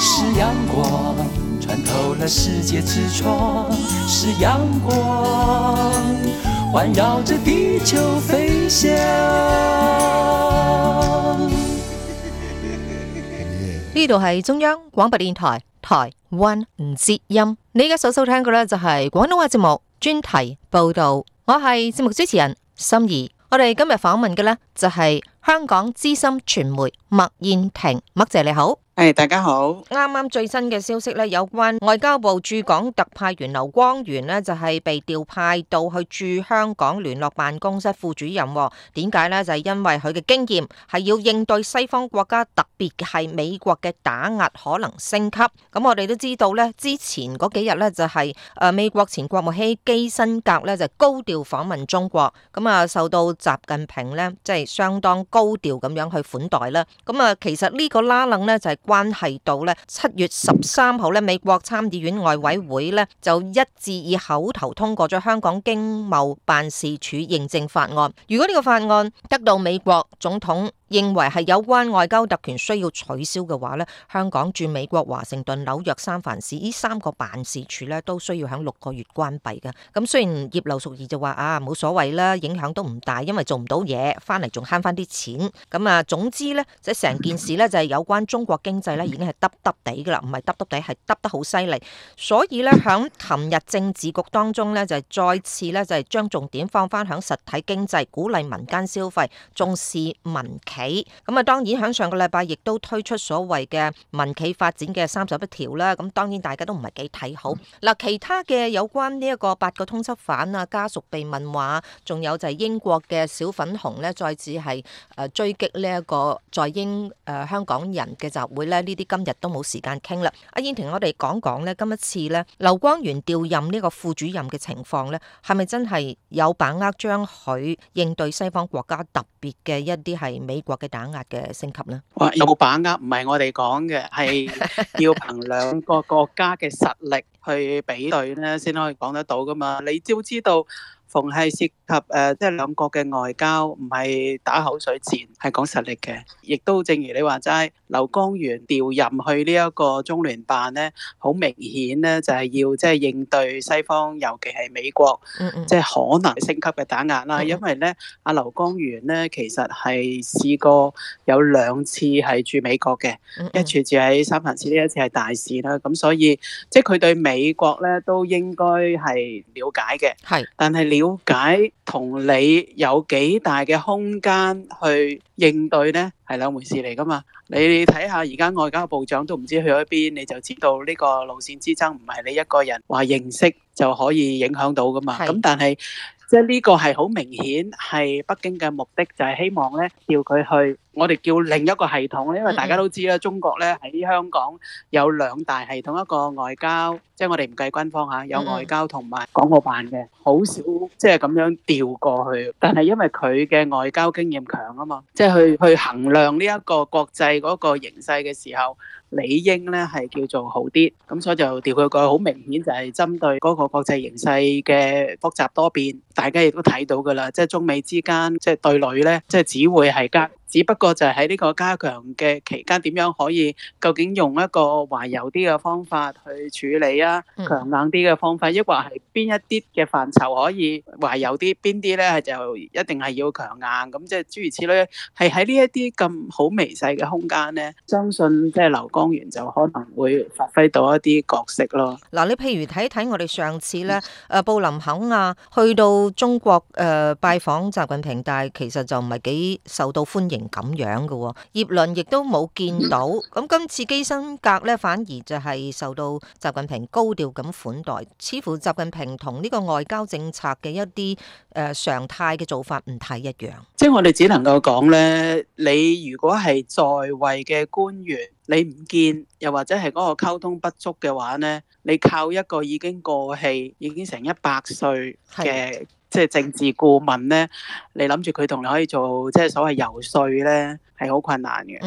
是陽光穿透了世界之窗，是陽光環繞着地球飛翔。呢度係中央廣播電台台灣之音，你而家所收聽嘅咧就係廣東話節目專題報道。我係節目主持人心儀，我哋今日訪問嘅咧就係香港資深傳媒麥燕庭，麥姐你好。誒，大家好！啱啱最新嘅消息呢，有關外交部駐港特派員劉光源呢，就係、是、被調派到去駐香港聯絡辦公室副主任、哦。點解呢？就係、是、因為佢嘅經驗係要應對西方國家，特別係美國嘅打壓可能升級。咁我哋都知道呢，之前嗰幾日呢，就係誒，美國前國務卿基辛格呢，就是、高調訪問中國，咁啊，受到習近平呢，即、就、係、是、相當高調咁樣去款待啦。咁啊，其實呢個拉攏呢，就係、是。關係到咧，七月十三號咧，美國參議院外委會咧，就一致以口頭通過咗香港經貿辦事處認證法案。如果呢個法案得到美國總統認為係有關外交特權需要取消嘅話咧，香港駐美國華盛頓、紐約三藩市呢三個辦事處咧都需要喺六個月關閉嘅。咁雖然葉劉淑儀就話啊冇所謂啦，影響都唔大，因為做唔到嘢，翻嚟仲慳翻啲錢。咁啊，總之咧，即係成件事咧就係有關中國經濟咧已經係耷耷地噶啦，唔係耷耷地係耷得好犀利。所以咧喺琴日政治局當中咧就係再次咧就係將重點放翻響實體經濟，鼓勵民間消費，重視民企。企，咁啊！當然喺上個禮拜亦都推出所謂嘅民企發展嘅三十一條啦。咁當然大家都唔係幾睇好嗱。其他嘅有關呢一個八個通緝犯啊，家屬被問話，仲有就係英國嘅小粉紅呢，再次係誒追擊呢一個在英誒香港人嘅集會咧。呢啲今日都冇時間傾啦。阿燕婷，我哋講講呢今一次呢，劉光源調任呢個副主任嘅情況呢，係咪真係有把握將佢應對西方國家特別嘅一啲係美國嘅打壓嘅升級咧，哇！有冇把握？唔係我哋講嘅，係要憑兩個國家嘅實力去比對咧，先可以講得到噶嘛？你只要知道。逢係涉及誒，即係兩國嘅外交，唔係打口水戰，係講實力嘅。亦都正如你話齋劉光源調任去呢一個中聯辦咧，好明顯咧，就係要即係應對西方，尤其係美國，即係可能升級嘅打壓啦。因為咧，阿劉光源咧，其實係試過有兩次係住美國嘅，嗯嗯，一次住喺三藩市，呢一次係大事啦。咁所以，即係佢對美國咧都應該係了解嘅。係。但係了解同你有幾大嘅空間去應對呢，係兩回事嚟噶嘛？你睇下而家外交部長都唔知去咗邊，你就知道呢個路線之爭唔係你一個人話認識就可以影響到噶嘛。咁但係即係呢個係好明顯係北京嘅目的，就係希望咧叫佢去。我哋叫另一個系統，因為大家都知啦，中國咧喺香港有兩大系統，一個外交，即係我哋唔計軍方嚇，有外交同埋港澳辦嘅，好少即係咁樣調過去。但係因為佢嘅外交經驗強啊嘛，即係去去衡量呢一個國際嗰個形勢嘅時候，理應咧係叫做好啲，咁所以就調佢過去，好明顯就係針對嗰個國際形勢嘅複雜多變，大家亦都睇到噶啦，即係中美之間即係對壘咧，即係只會係加。只不過就係喺呢個加強嘅期間，點樣可以？究竟用一個懷柔啲嘅方法去處理啊？強硬啲嘅方法，抑或係邊一啲嘅範疇可以懷柔啲？邊啲咧就一定係要強硬？咁即係諸如此類，係喺呢一啲咁好微細嘅空間咧，相信即係劉光源就可能會發揮到一啲角色咯。嗱、嗯，你譬如睇一睇我哋上次咧，誒布林肯啊，去到中國誒、呃、拜訪習近平，但係其實就唔係幾受到歡迎。咁樣嘅葉倫亦都冇見到。咁今次基辛格咧，反而就係受到習近平高調咁款待，似乎習近平同呢個外交政策嘅一啲誒、呃、常態嘅做法唔太一樣。即係我哋只能夠講咧，你如果係在位嘅官員，你唔見又或者係嗰個溝通不足嘅話咧，你靠一個已經過氣已經成一百歲嘅。即係政治顧問咧，你諗住佢同你可以做即係所謂遊說咧？係好困難嘅，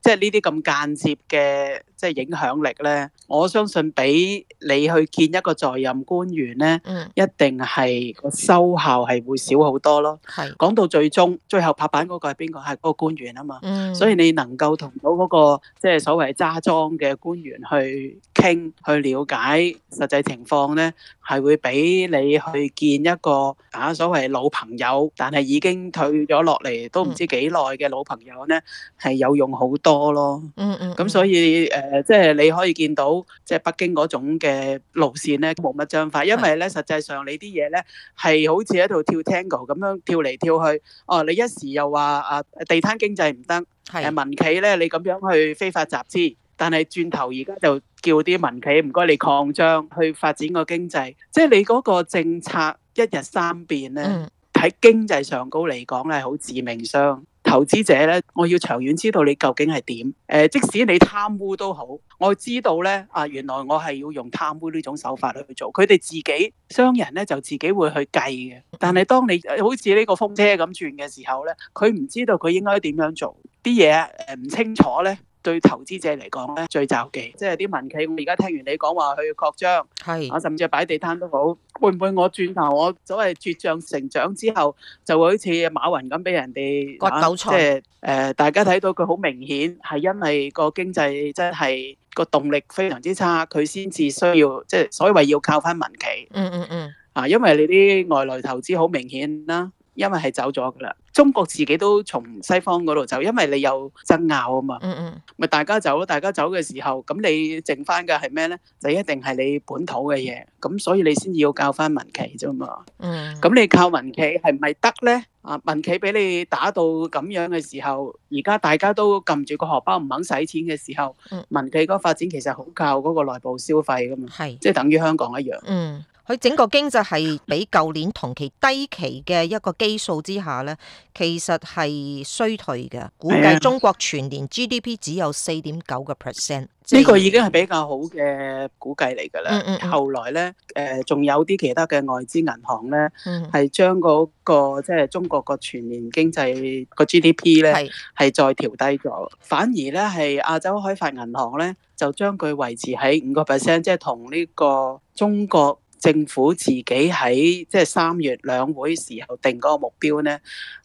即係呢啲咁間接嘅即係影響力咧。我相信俾你去見一個在任官員咧，一定係個收效係會少好多咯。係講到最終，最後拍板嗰個係邊個？係嗰個官員啊嘛。所以你能夠同到嗰個即係所謂揸莊嘅官員去傾去了解實際情況咧，係會俾你去見一個啊所謂老朋友，但係已經退咗落嚟都唔知幾耐嘅老朋友咧。係有用好多咯，嗯嗯，咁所以誒，即係你可以見到，即係北京嗰種嘅路線咧，冇乜章法，因為咧，實際上你啲嘢咧係好似喺度跳 tango 咁樣跳嚟跳去，哦，你一時又話啊地攤經濟唔得，係民企咧，你咁樣去非法集資，但係轉頭而家就叫啲民企唔該你擴張去發展個經濟，即係你嗰個政策一日三變咧，喺經濟上高嚟講咧，係好致命傷。投資者咧，我要長遠知道你究竟係點。誒、呃，即使你貪污都好，我知道咧，啊，原來我係要用貪污呢種手法去做。佢哋自己商人咧就自己會去計嘅，但係當你好似呢個風車咁轉嘅時候咧，佢唔知道佢應該點樣做，啲嘢誒唔清楚咧。對投資者嚟講咧，最就忌，即係啲民企。我而家聽完你講話，去擴張，係甚至係擺地攤都好，會唔會我轉頭我所謂茁壯成長之後，就會好似馬雲咁俾人哋割韭菜？即係誒，大家睇到佢好明顯，係因為個經濟真係個動力非常之差，佢先至需要即係，所謂要靠返民企。嗯嗯嗯，啊，因為你啲外來投資好明顯啦。因為係走咗噶啦，中國自己都從西方嗰度走，因為你有爭拗啊嘛。嗯嗯，咪大家走咯，大家走嘅時候，咁你剩翻嘅係咩咧？就一定係你本土嘅嘢，咁所以你先至要教翻民企啫嘛。嗯，咁你靠民企係咪得咧？啊，民企俾你打到咁樣嘅時候，而家大家都撳住個荷包唔肯使錢嘅時候，民企個發展其實好靠嗰個內部消費噶嘛。係，即係等於香港一樣。嗯。佢整個經濟係比舊年同期低期嘅一個基數之下咧，其實係衰退嘅。估計中國全年 GDP 只有四點九個 percent。呢個已經係比較好嘅估計嚟噶啦。嗯嗯。後來咧，誒，仲有啲其他嘅外資銀行咧，係將嗰個即係中國個全年經濟個 GDP 咧係再調低咗。反而咧係亞洲開發銀行咧，就將佢維持喺五個 percent，即係同呢個中國。政府自己喺即係三月兩會時候定嗰個目標咧，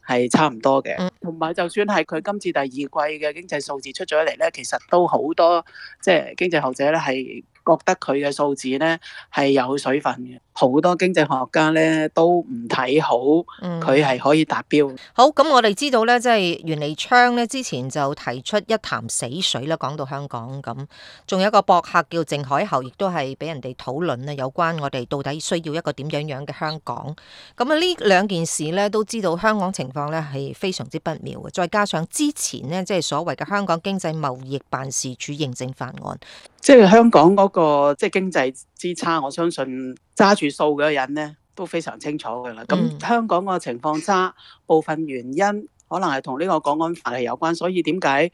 係差唔多嘅。同埋就算係佢今次第二季嘅經濟數字出咗嚟咧，其實都好多即係經濟學者咧，係覺得佢嘅數字咧係有水分嘅。好多經濟學家咧都唔睇好佢係可以達標，嗯。好，咁，我哋知道咧，即係袁利昌咧之前就提出一潭死水啦，講到香港咁，仲有一個博客叫靖海侯，亦都係俾人哋討論啊，有關我哋到底需要一個點樣樣嘅香港。咁啊，呢兩件事咧，都知道香港情況咧係非常之不妙嘅。再加上之前咧，即係所謂嘅香港經濟貿易辦事處認證法案，即係香港嗰個即係經濟之差，我相信揸住。數嘅人咧都非常清楚噶啦，咁香港個情況差，部分原因可能係同呢個港安法例有關，所以點解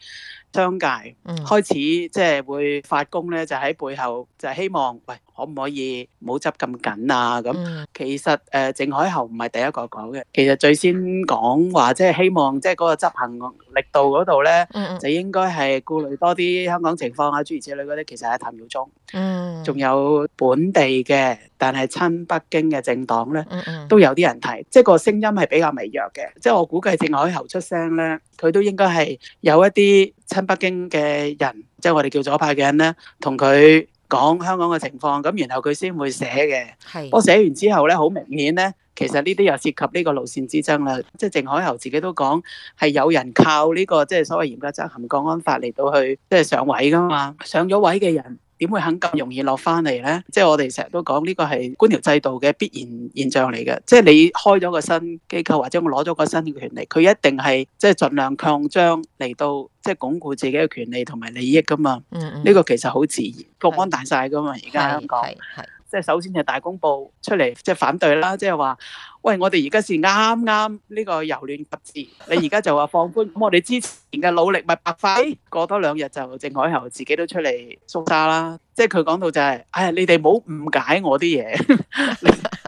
商界開始即係會發功咧？就喺背後就係希望，喂，可唔可以唔好執咁緊啊？咁其實誒，鄭海侯唔係第一個講嘅，其實最先講話即係希望即係嗰個執行。力度嗰度咧，就應該係顧慮多啲香港情況啊，諸如此類嗰啲，其實係譚耀宗。嗯，仲有本地嘅，但係親北京嘅政黨咧，都有啲人提，即係個聲音係比較微弱嘅。即係我估計政改後出聲咧，佢都應該係有一啲親北京嘅人，即係我哋叫左派嘅人咧，同佢講香港嘅情況，咁然後佢先會寫嘅。係，我寫完之後咧，好明顯咧。其實呢啲又涉及呢個路線之爭啦，即係靖海侯自己都講係有人靠呢個即係所謂嚴格執行國安法嚟到去即係上位噶嘛，上咗位嘅人點會肯咁容易落翻嚟咧？即係我哋成日都講呢個係官僚制度嘅必然現象嚟嘅，即係你開咗個新機構或者我攞咗個新嘅權力，佢一定係即係盡量擴張嚟到即係鞏固自己嘅權利同埋利益噶嘛。呢個其實好自然，國安大晒噶嘛，而家咁講係。即係首先係大公報出嚟，即係反對啦，即係話，喂，我哋而家先啱啱呢個由亂及治，你而家就話放寬，咁我哋之前嘅努力咪白花？過多兩日就靖海侯自己都出嚟梳沙啦，即係佢講到就係，唉，你哋唔好誤解我啲嘢，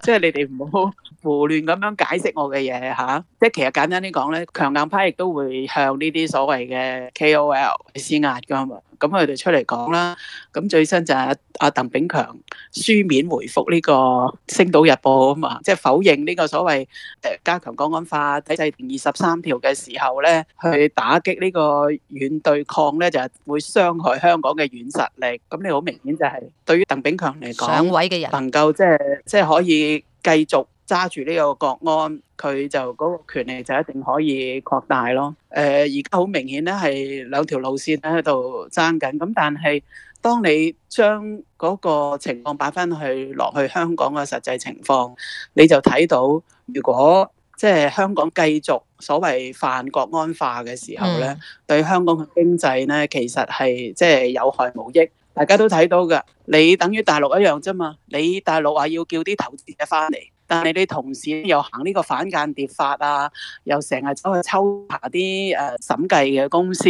即係你哋唔好胡亂咁樣解釋我嘅嘢嚇。即係其實簡單啲講咧，強硬派亦都會向呢啲所謂嘅 KOL 施壓噶嘛。咁佢哋出嚟講啦，咁最新就係阿鄧炳強書面回覆呢個《星島日報》嘛，即係否認呢個所謂加強港安化、體制二十三條嘅時候咧，去打擊呢個軟對抗咧，就係會傷害香港嘅軟實力。咁你好明顯就係對於鄧炳強嚟講，上位嘅人能夠即係即係可以繼續。揸住呢個國安，佢就嗰、那個權力就一定可以擴大咯。誒、呃，而家好明顯咧，係兩條路線喺度爭緊。咁但係，當你將嗰個情況擺翻去落去香港嘅實際情況，你就睇到，如果即係、就是、香港繼續所謂泛國安化嘅時候咧、嗯，對香港嘅經濟咧，其實係即係有害無益。大家都睇到嘅，你等於大陸一樣啫嘛。你大陸話要叫啲投資者翻嚟。你啲同事又行呢個反間諜法啊，又成日走去抽查啲誒審計嘅公司，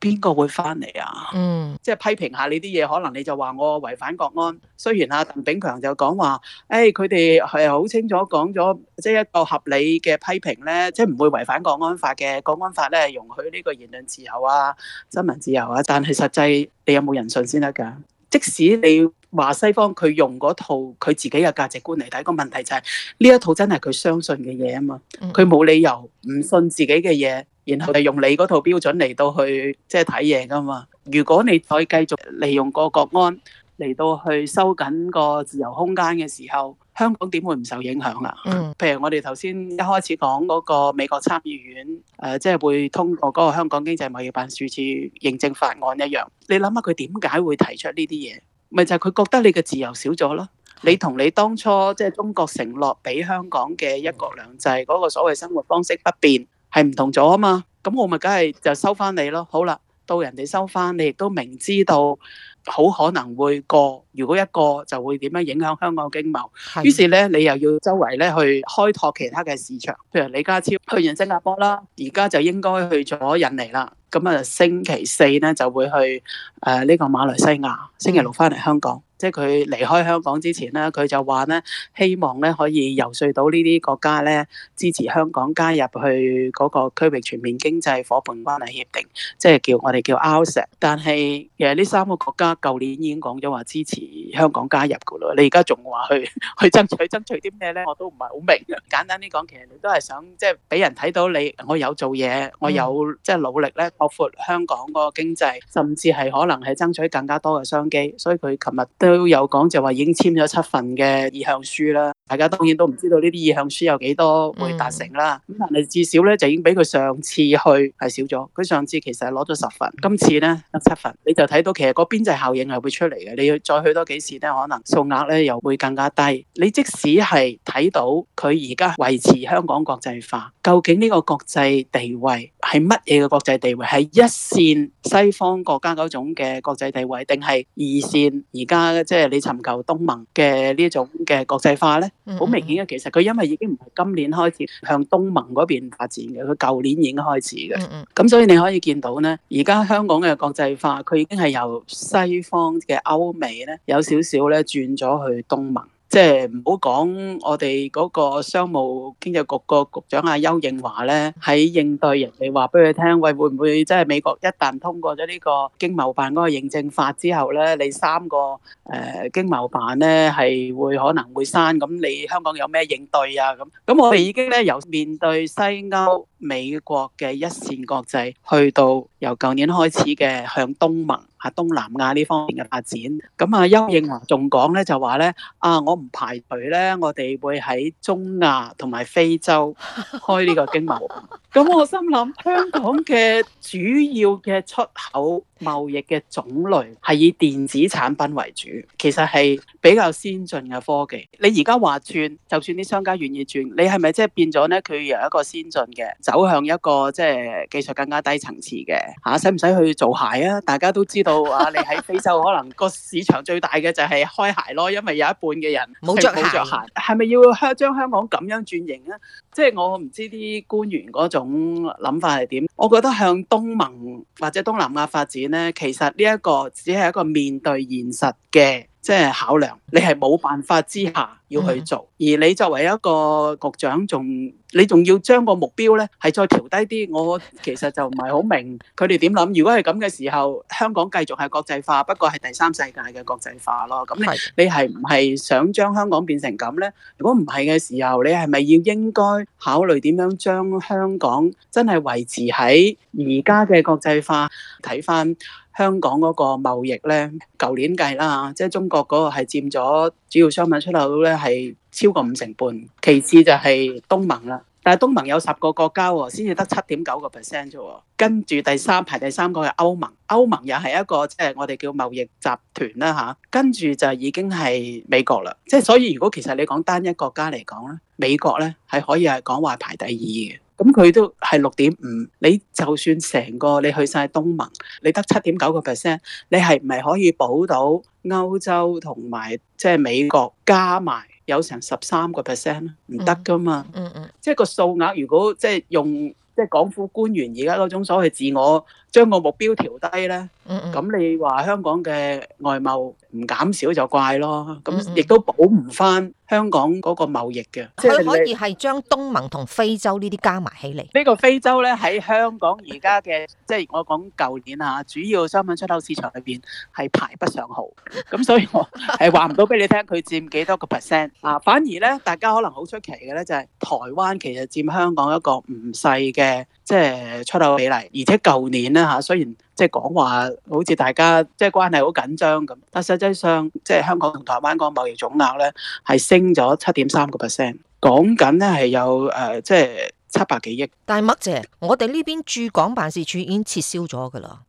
邊個會翻嚟啊？嗯，即係批評一下呢啲嘢，可能你就話我違反國安。雖然阿鄧炳強就講話，誒佢哋係好清楚講咗，即係一個合理嘅批評咧，即係唔會違反國安法嘅。國安法咧容許呢個言論自由啊、新聞自由啊，但係實際你有冇人信先得㗎？即使你話西方佢用嗰套佢自己嘅價值觀嚟睇，個問題就係呢一套真係佢相信嘅嘢啊嘛，佢冇理由唔信自己嘅嘢，然後就用你嗰套標準嚟到去即係睇嘢噶嘛。如果你再繼續利用個國安，嚟到去收緊個自由空間嘅時候，香港點會唔受影響啊？譬如我哋頭先一開始講嗰個美國參議院，誒、呃，即、就、係、是、會通過嗰個香港經濟貿易辦事處認證法案一樣，你諗下佢點解會提出呢啲嘢？咪就係、是、佢覺得你嘅自由少咗咯。你同你當初即係、就是、中國承諾俾香港嘅一國兩制嗰個所謂生活方式不變，係唔同咗啊嘛。咁我咪梗係就收翻你咯。好啦，到人哋收翻你，亦都明知道。好可能會過，如果一個就會點樣影響香港經貿，是的。於是咧，你又要周圍咧去開拓其他嘅市場。譬如李家超去完新加坡啦，而家就應該去咗印尼啦。咁啊，星期四咧就會去誒呢、呃呢個馬來西亞，星期六翻嚟香港。即係佢離開香港之前咧，佢就話咧希望咧可以遊說到呢啲國家咧支持香港加入去嗰個區域全面經濟伙伴關係協定，即係叫我哋叫 RCEP。但係其實呢三個國家舊年已經講咗話支持香港加入㗎喇，你而家仲話去去爭取爭取啲咩咧？我都唔係好明白的。簡單啲講，其實你都係想即係俾人睇到你我有做嘢，我有即係努力咧擴闊香港嗰個經濟甚至係可能係爭取更加多嘅商機，所以佢琴日都。都有講就話已經簽咗七份嘅意向書啦。大家當然都唔知道呢啲意向書有幾多會達成啦。咁但係至少咧，就已經比佢上次去係少咗。佢上次其實係攞咗十份，今次咧得七份。你就睇到其實個邊際效應係會出嚟嘅。你要再去多幾次咧，可能數額咧又會更加低。你即使係睇到佢而家維持香港國際化，究竟呢個國際地位係乜嘢嘅國際地位？係一線西方國家嗰種嘅國際地位，定係二線而家即係你尋求東盟嘅呢種嘅國際化咧？好明顯嘅，其實佢因為已經唔係今年開始向東盟嗰邊發展嘅，佢舊年已經開始嘅。咁所以你可以見到呢，而家香港嘅國際化，佢已經係由西方嘅歐美呢，有少少呢轉咗去東盟。即係唔好講，我哋嗰個商務經濟局個局長阿丘應樺呢，喺應對人哋話俾佢聽，喂，會唔會即係美國一旦通過咗呢個經貿辦嗰個認證法之後呢，你三個誒經貿辦呢係會可能會刪，咁你香港有咩應對啊？咁咁我哋已經呢由面對西歐、美國嘅一線國際，去到由舊年開始嘅向東盟。啊，東南亞呢方面嘅發展，咁啊，丘應樺仲講咧就話咧啊，我唔排除咧，我哋會喺中亞同埋非洲開呢個經貿。咁 我心諗香港嘅主要嘅出口。貿易嘅種類係以電子產品為主，其實係比較先進嘅科技。你而家話轉，就算啲商家願意轉，你係咪即係變咗呢？佢由一個先進嘅走向一個即係技術更加低層次嘅嚇，使唔使去做鞋啊？大家都知道啊，你喺非洲 可能個市場最大嘅就係開鞋咯，因為有一半嘅人冇着鞋。係咪要香將香港咁樣轉型咧？即係我唔知啲官員嗰種諗法係點。我覺得向東盟或者東南亞發展。其實呢一個只係一個面對現實嘅。即係考量，你係冇辦法之下要去做，而你作為一個局長，仲你仲要將個目標呢係再調低啲。我其實就唔係好明佢哋點諗。如果係咁嘅時候，香港繼續係國際化，不過係第三世界嘅國際化咯。咁你你係唔係想將香港變成咁呢？如果唔係嘅時候，你係咪要應該考慮點樣將香港真係維持喺而家嘅國際化？睇翻。香港嗰個貿易咧，舊年計啦，即係中國嗰個係佔咗主要商品出口咧係超過五成半，其次就係東盟啦。但係東盟有十個國家喎，先至得七點九個 percent 啫。跟住第三排第三個係歐盟，歐盟又係一個即係我哋叫貿易集團啦吓，跟住就已經係美國啦，即係所以如果其實你講單一國家嚟講咧，美國咧係可以係講話排第二嘅。咁佢都係六點五，你就算成個你去晒東盟，你得七點九個 percent，你係唔係可以補到歐洲同埋即係美國加埋有成十三個 percent？唔得噶嘛，嗯嗯，即係個數額如果即係用即係港府官員而家嗰種所謂自我將個目標調低咧。嗯，嗯，咁你話香港嘅外貿唔減少就怪咯，咁亦都補唔翻香港嗰個貿易嘅。佢可以係將東盟同非、這個、非洲呢啲加埋起嚟。呢個非洲咧喺香港而家嘅，即係我講舊年啊，主要商品出口市場裏邊係排不上號。咁 所以我係話唔到俾你聽它，佢佔幾多個 percent 啊？反而咧，大家可能好出奇嘅咧，就係台灣其實佔香港一個唔細嘅。即係出口比例，而且舊年咧嚇，雖然即係講話好似大家即係關係好緊張咁，但實際上即係香港同台灣個貿易總額咧係升咗七點三個 percent，講緊咧係有誒即係七百幾億。但係麥姐，我哋呢邊駐港辦事處已經撤銷咗㗎啦。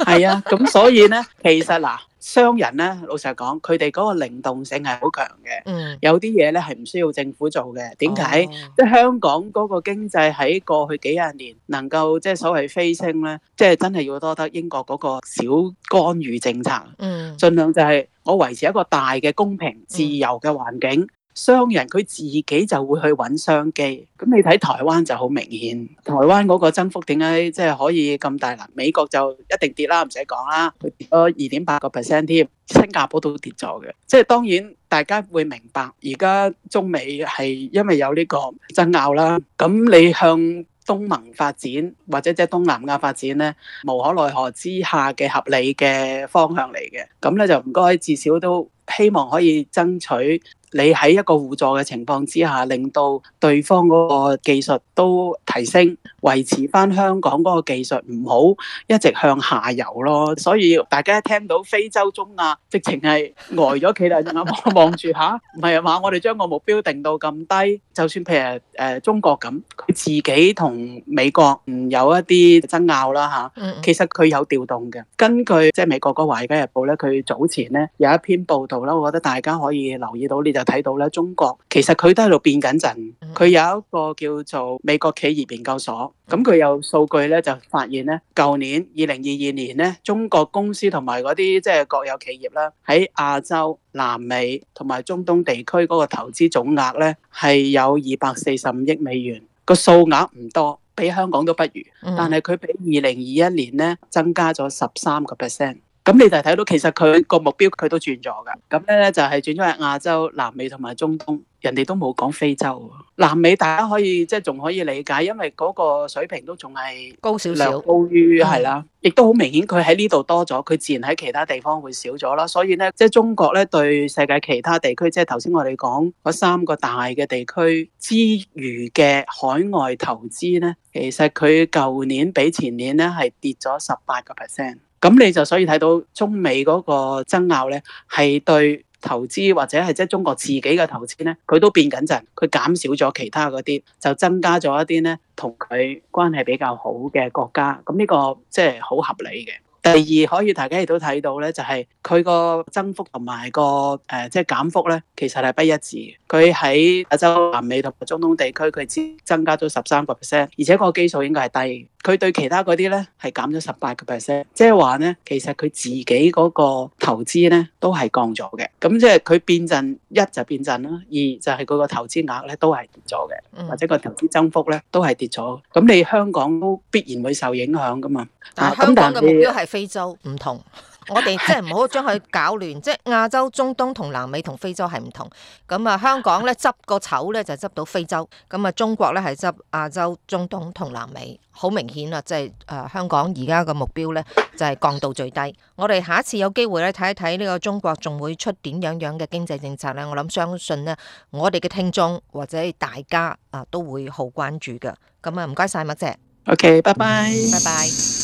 係 啊，咁所以咧，其實嗱。商人咧，老實講，佢哋嗰個靈動性係好強嘅，有啲嘢咧係唔需要政府做嘅。點解？哦，即係香港嗰個經濟喺過去幾廿年能夠即係所謂飛升咧，即係真係要多得英國嗰個小干預政策，嗯、盡量就係我維持一個大嘅公平、自由嘅環境。嗯嗯商人佢自己就會去揾商機，咁你睇台灣就好明顯。台灣嗰個增幅點解即係可以咁大？嗱，美國就一定跌啦，唔使講啦，佢跌咗二點八個 percent 添，新加坡都跌咗嘅。即係當然大家會明白，而家中美係因為有呢個爭拗啦，咁你向東盟發展或者即係東南亞發展呢，無可奈何之下嘅合理嘅方向嚟嘅。咁咧就唔該，至少都希望可以爭取。你喺一個互助嘅情況之下，令到對方嗰個技術都提升，維持翻香港嗰個技術唔好一直向下游咯。所以大家聽到非洲中亞，直情係呆咗企喺度望住嚇，唔係啊嘛？我哋將個目標定到咁低，就算譬如誒中國咁，佢自己同美國唔有一啲爭拗啦嚇。其實佢有調動嘅，根據即係美國嗰個《華爾街日報》咧，佢早前咧有一篇報導啦，我覺得大家可以留意到呢。就睇到咧，中國其實佢都喺度變緊陣。佢有一個叫做美國企業研究所，咁佢有數據咧，就發現咧，舊年二零二二年咧，中國公司同埋嗰啲即係國有企業啦，喺亞洲、南美同埋中東地區嗰個投資總額咧，係有二百四十五億美元，個數額唔多，比香港都不如。但係佢比二零二一年咧增加咗十三個 percent。咁你就睇到，其實佢個目標佢都轉咗㗎。咁呢就係轉咗入亞洲、南美同埋中東，人哋都冇講非洲。南美大家可以即係仲可以理解，因為嗰個水平都仲係高少少，高於係啦。亦都好明顯，佢喺呢度多咗，佢自然喺其他地方會少咗啦。所以呢，即係中國呢對世界其他地區，即係頭先我哋講嗰三個大嘅地區之餘嘅海外投資呢，其實佢舊年比前年呢係跌咗十八個 percent。咁你就可以睇到中美嗰個爭拗咧，係對投資或者係即係中國自己嘅投資咧，佢都變緊陣，佢減少咗其他嗰啲，就增加咗一啲咧，同佢關係比較好嘅國家。咁呢個即係好合理嘅。第二，可以大家亦都睇到咧，就係佢個增幅同埋個誒即係減幅咧，其實係不一致。佢喺亞洲、南美同埋中東地區，佢只增加咗十三個 percent，而且個基數應該係低。佢對其他嗰啲咧係減咗十八個 percent，即係話咧，其實佢自己嗰個投資咧都係降咗嘅。咁即係佢變陣一就變陣啦，二就係佢個投資額咧都係跌咗嘅，或者個投資增幅咧都係跌咗。咁你香港都必然會受影響噶嘛？但係香港嘅目標係非洲，唔同。 我哋即係唔好將佢搞亂，即係亞洲、中東同南美同非洲係唔同。咁啊，香港咧執個醜咧就執到非洲。咁啊，中國咧係執亞洲、中東同南美，好明顯啊！即係誒，香港而家個目標咧就係降到最低。我哋下一次有機會咧睇一睇呢個中國仲會出點樣樣嘅經濟政策咧，我諗相信呢，我哋嘅聽眾或者大家啊都會好關注㗎。咁啊，唔該晒麥姐。OK，拜拜。拜拜。